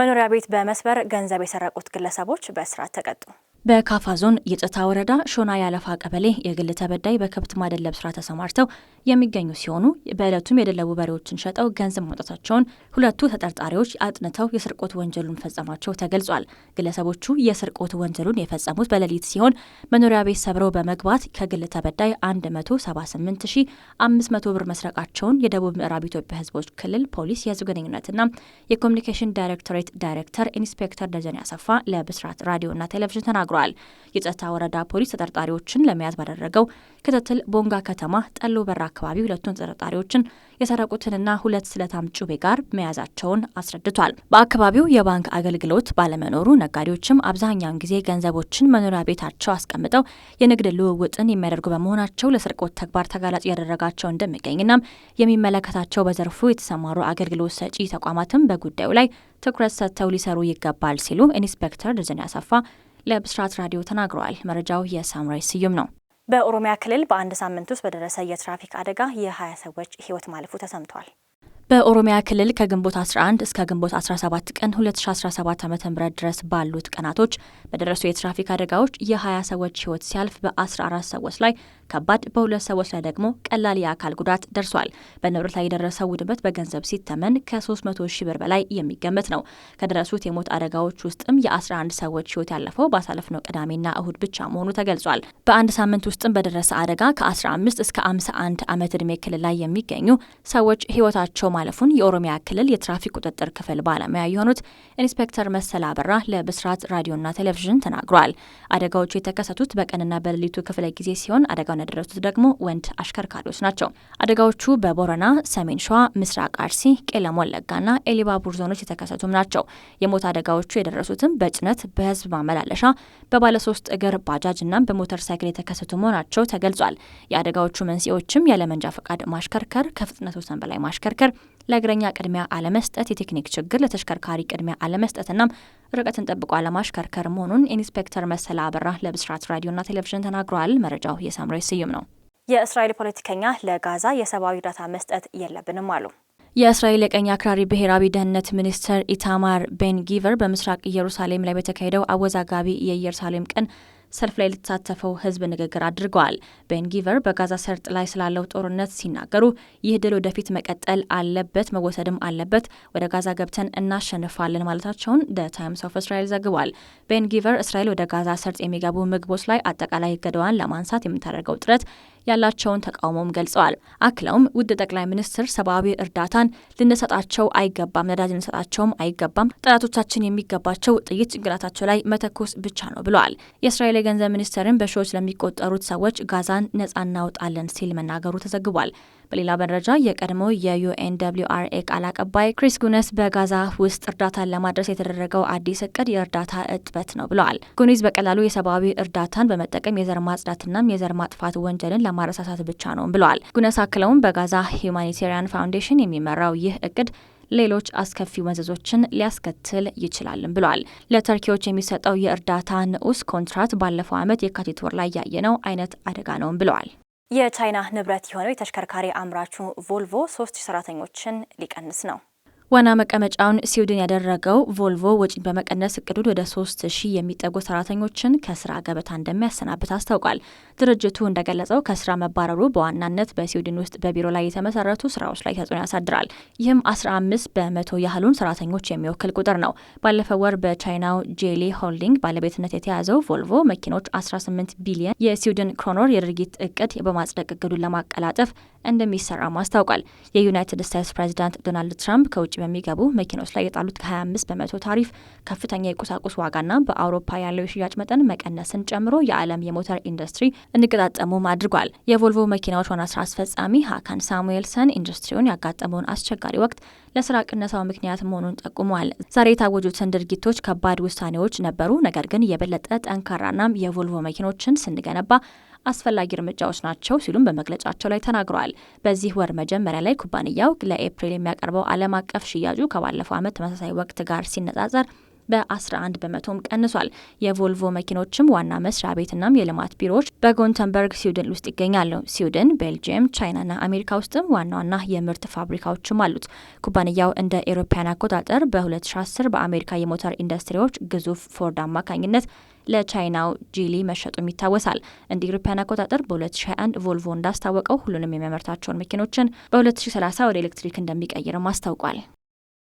መኖሪያ ቤት በመስበር ገንዘብ የሰረቁት ግለሰቦች በእስራት ተቀጡ። በካፋ ዞን የጸታ ወረዳ ሾና ያለፋ ቀበሌ የግል ተበዳይ በከብት ማደለብ ስራ ተሰማርተው የሚገኙ ሲሆኑ በዕለቱም የደለቡ በሬዎችን ሸጠው ገንዘብ ማውጣታቸውን ሁለቱ ተጠርጣሪዎች አጥንተው የስርቆት ወንጀሉን ፈጸማቸው ተገልጿል። ግለሰቦቹ የስርቆት ወንጀሉን የፈጸሙት በሌሊት ሲሆን መኖሪያ ቤት ሰብረው በመግባት ከግል ተበዳይ 178500 ብር መስረቃቸውን የደቡብ ምዕራብ ኢትዮጵያ ህዝቦች ክልል ፖሊስ የህዝብ ግንኙነትና የኮሚኒኬሽን ዳይሬክቶሬት ዳይሬክተር ኢንስፔክተር ደጀን ያሰፋ ለብስራት ራዲዮና ቴሌቪዥን ተናግረዋል። ተናግሯል። የጸጥታ ወረዳ ፖሊስ ተጠርጣሪዎችን ለመያዝ ባደረገው ክትትል ቦንጋ ከተማ ጠሎ በራ አካባቢ ሁለቱን ተጠርጣሪዎችን የሰረቁትንና ሁለት ስለታም ጩቤ ጋር መያዛቸውን አስረድቷል። በአካባቢው የባንክ አገልግሎት ባለመኖሩ ነጋዴዎችም አብዛኛውን ጊዜ ገንዘቦችን መኖሪያ ቤታቸው አስቀምጠው የንግድ ልውውጥን የሚያደርጉ በመሆናቸው ለስርቆት ተግባር ተጋላጭ ያደረጋቸው እንደሚገኝና የሚመለከታቸው በዘርፉ የተሰማሩ አገልግሎት ሰጪ ተቋማትም በጉዳዩ ላይ ትኩረት ሰጥተው ሊሰሩ ይገባል ሲሉ ኢንስፔክተር ድርዝን ያሰፋ ለብስራት ራዲዮ ተናግረዋል። መረጃው የሳምራይ ስዩም ነው። በኦሮሚያ ክልል በአንድ ሳምንት ውስጥ በደረሰ የትራፊክ አደጋ የ20 ሰዎች ህይወት ማለፉ ተሰምቷል። በኦሮሚያ ክልል ከግንቦት 11 እስከ ግንቦት 17 ቀን 2017 ዓ ም ድረስ ባሉት ቀናቶች በደረሱ የትራፊክ አደጋዎች የ20 ሰዎች ህይወት ሲያልፍ በ14 ሰዎች ላይ ከባድ በሁለት ሰዎች ላይ ደግሞ ቀላል የአካል ጉዳት ደርሷል። በንብረት ላይ የደረሰው ውድመት በገንዘብ ሲተመን ከ300 ሺ ብር በላይ የሚገመት ነው። ከደረሱት የሞት አደጋዎች ውስጥም የ11 ሰዎች ህይወት ያለፈው ባሳለፍነው ቅዳሜና እሁድ ብቻ መሆኑ ተገልጿል። በአንድ ሳምንት ውስጥም በደረሰ አደጋ ከ15 እስከ 51 ዓመት ዕድሜ ክልል ላይ የሚገኙ ሰዎች ህይወታቸው ማለፉን የኦሮሚያ ክልል የትራፊክ ቁጥጥር ክፍል ባለሙያ የሆኑት ኢንስፔክተር መሰል አበራ ለብስራት ራዲዮና ቴሌቪዥን ተናግሯል። አደጋዎቹ የተከሰቱት በቀንና በሌሊቱ ክፍለ ጊዜ ሲሆን አደጋውን ያደረሱት ደግሞ ወንድ አሽከርካሪዎች ናቸው። አደጋዎቹ በቦረና፣ ሰሜን ሸዋ፣ ምስራቅ አርሲ፣ ቄለም ወለጋና ኤሊባቡር ዞኖች የተከሰቱም ናቸው። የሞት አደጋዎቹ የደረሱትም በጭነት በህዝብ ማመላለሻ በባለሶስት እግር ባጃጅና በሞተር ሳይክል የተከሰቱ መሆናቸው ተገልጿል። የአደጋዎቹ መንስኤዎችም ያለመንጃ ፈቃድ ማሽከርከር፣ ከፍጥነት ወሰን በላይ ማሽከርከር፣ ለእግረኛ ቅድሚያ አለመስጠት፣ የቴክኒክ ችግር፣ ለተሽከርካሪ ቅድሚያ አለመስጠትና ርቀትን ጠብቆ አለማሽከርከር መሆኑን ኢንስፔክተር መሰለ አበራ ለብስራት ራዲዮና ቴሌቪዥን ተናግረዋል። መረጃው የሳምራዊ ስዩም ነው። የእስራኤል ፖለቲከኛ ለጋዛ የሰብአዊ እርዳታ መስጠት የለብንም አሉ። የእስራኤል የቀኝ አክራሪ ብሔራዊ ደህንነት ሚኒስትር ኢታማር ቤን ጊቨር በምስራቅ ኢየሩሳሌም ላይ በተካሄደው አወዛጋቢ የኢየሩሳሌም ቀን ሰልፍ ላይ ለተሳተፈው ህዝብ ንግግር አድርገዋል። ቤንጊቨር በጋዛ ሰርጥ ላይ ስላለው ጦርነት ሲናገሩ ይህ ድል ወደፊት መቀጠል አለበት፣ መወሰድም አለበት። ወደ ጋዛ ገብተን እናሸንፋለን ማለታቸውን ደ ታይምስ ኦፍ እስራኤል ዘግቧል። ቤንጊቨር እስራኤል ወደ ጋዛ ሰርጥ የሚገቡ ምግቦች ላይ አጠቃላይ እገዳዋን ለማንሳት የምታደርገው ጥረት ያላቸውን ተቃውሞም ገልጸዋል። አክለውም ውድ ጠቅላይ ሚኒስትር ሰብአዊ እርዳታን ልንሰጣቸው አይገባም፣ ነዳጅ ልንሰጣቸውም አይገባም። ጠላቶቻችን የሚገባቸው ጥይት ጭንቅላታቸው ላይ መተኮስ ብቻ ነው ብለዋል። የእስራኤል የገንዘብ ሚኒስትርም በሺዎች ለሚቆጠሩት ሰዎች ጋዛን ነጻ እናወጣለን ሲል መናገሩ ተዘግቧል። በሌላ መረጃ የቀድሞ የዩኤንደብሊውአርኤ ቃል አቀባይ ክሪስ ጉነስ በጋዛ ውስጥ እርዳታን ለማድረስ የተደረገው አዲስ እቅድ የእርዳታ እጥበት ነው ብለዋል። ጉኒዝ በቀላሉ የሰብአዊ እርዳታን በመጠቀም የዘር ማጽዳትና የዘር ማጥፋት ወንጀልን ለማረሳሳት ብቻ ነው ብለዋል። ጉነስ አክለውም በጋዛ ሂውማኒቴሪያን ፋውንዴሽን የሚመራው ይህ እቅድ ሌሎች አስከፊ መዘዞችን ሊያስከትል ይችላልም ብሏል። ለተርኪዎች የሚሰጠው የእርዳታ ንዑስ ኮንትራት ባለፈው ዓመት የካቲት ወር ላይ ያየነው አይነት አደጋ ነውም ብለዋል። የቻይና ንብረት የሆነው የተሽከርካሪ አምራቹ ቮልቮ ሶስት ሰራተኞችን ሊቀንስ ነው። ዋና መቀመጫውን ስዊድን ያደረገው ቮልቮ ወጪን በመቀነስ እቅዱን ወደ ሶስት ሺህ የሚጠጉ ሰራተኞችን ከስራ ገበታ እንደሚያሰናብት አስታውቋል። ድርጅቱ እንደገለጸው ከስራ መባረሩ በዋናነት በስዊድን ውስጥ በቢሮ ላይ የተመሰረቱ ስራዎች ላይ ተጽዕኖ ያሳድራል። ይህም 15 በመቶ ያህሉን ሰራተኞች የሚወክል ቁጥር ነው። ባለፈው ወር በቻይናው ጄሊ ሆልዲንግ ባለቤትነት የተያዘው ቮልቮ መኪኖች 18 ቢሊየን የስዊድን ክሮኖር የድርጊት እቅድ በማጽደቅ እቅዱን ለማቀላጠፍ እንደሚሰራም አስታውቋል። የዩናይትድ ስቴትስ ፕሬዚዳንት ዶናልድ ትራምፕ ከውጭ በሚገቡ መኪናዎች ላይ የጣሉት ከ25 በመቶ ታሪፍ ከፍተኛ የቁሳቁስ ዋጋና በአውሮፓ ያለው የሽያጭ መጠን መቀነስን ጨምሮ የዓለም የሞተር ኢንዱስትሪ እንዲገጣጠሙም አድርጓል። የቮልቮ መኪናዎች ዋና ስራ አስፈጻሚ ሀካን ሳሙኤልሰን ኢንዱስትሪውን ያጋጠመውን አስቸጋሪ ወቅት ለስራ ቅነሳው ምክንያት መሆኑን ጠቁመዋል። ዛሬ የታወጁትን ድርጊቶች ከባድ ውሳኔዎች ነበሩ፣ ነገር ግን የበለጠ ጠንካራናም የቮልቮ መኪኖችን ስንገነባ አስፈላጊ እርምጃዎች ናቸው ሲሉም በመግለጫቸው ላይ ተናግረዋል። በዚህ ወር መጀመሪያ ላይ ኩባንያው ለኤፕሪል የሚያቀርበው ዓለም አቀፍ ሽያጩ ከባለፈው ዓመት ተመሳሳይ ወቅት ጋር ሲነጻጸር በ11 በመቶም ቀንሷል። የቮልቮ መኪኖችም ዋና መስሪያ ቤትናም የልማት ቢሮዎች በጎንተንበርግ ስዊድን ውስጥ ይገኛሉ። ስዊድን፣ ቤልጅየም፣ ቻይናና አሜሪካ ውስጥም ዋና ዋና የምርት ፋብሪካዎችም አሉት። ኩባንያው እንደ ኤሮፓያን አቆጣጠር በ2010 በአሜሪካ የሞተር ኢንዱስትሪዎች ግዙፍ ፎርድ አማካኝነት ለቻይናው ጂሊ መሸጡም ይታወሳል። እንደ ኢሮፓያን አቆጣጠር በ2021 ቮልቮ እንዳስታወቀው ሁሉንም የሚያመርታቸውን መኪኖችን በ2030 ወደ ኤሌክትሪክ እንደሚቀይርም አስታውቋል።